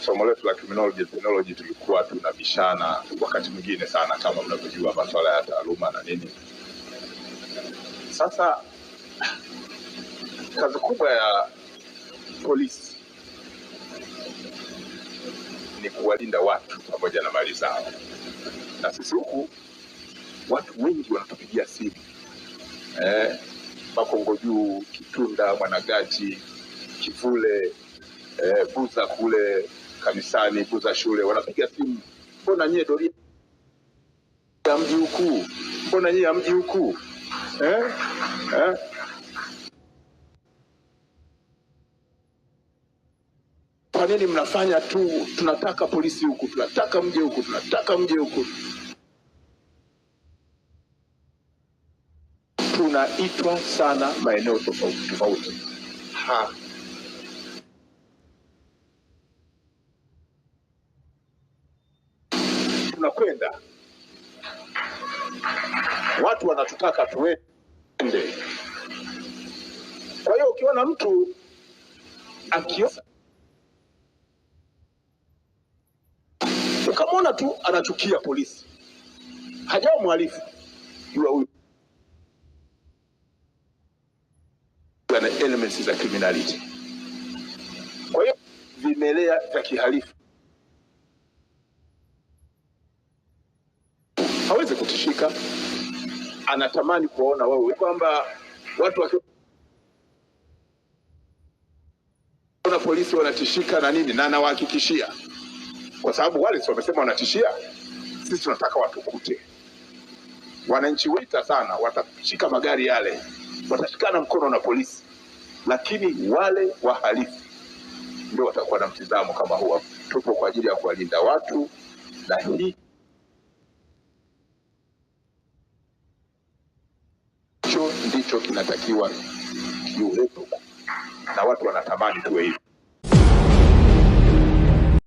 somo letu la criminology ethnology tulikuwa tunabishana wakati mwingine sana, kama mnavyojua masuala ya taaluma na nini. Sasa kazi kubwa ya polisi ni kuwalinda watu pamoja na mali zao, na sisi huku watu wengi wanatupigia simu eh, Makongo Juu, Kitunda, mwanagaji Kivule, eh, Buza kule kanisani, kuza shule, wanapiga simu, mbona nyie doria ya mji mkuu, mbona nyie ya mji mkuu eh? eh? Kwa nini mnafanya tu? Tunataka polisi huku, tunataka mje huku, tunataka mje huku. Tunaitwa sana maeneo tofauti tofauti ha tunakwenda, watu wanatutaka tuende. Kwa hiyo ukiona mtu akio ukamwona tu anachukia polisi, hajao mhalifu, jua huyu ana elements za criminality. Kwa hiyo vimelea vya kihalifu hawezi kutishika, anatamani kuwaona wewe kwamba watu wakiona polisi wanatishika na nini, na anawahakikishia kwa sababu wale si wamesema wanatishia, sisi tunataka watukute. Wananchi wita sana watashika magari yale, watashikana mkono na polisi, lakini wale wahalifu ndio watakuwa na mtizamo kama huo. Tupo kwa ajili ya kuwalinda watu, na hii ndicho kinatakiwa kiuwepo, na watu wanatamani tuwe hivyo.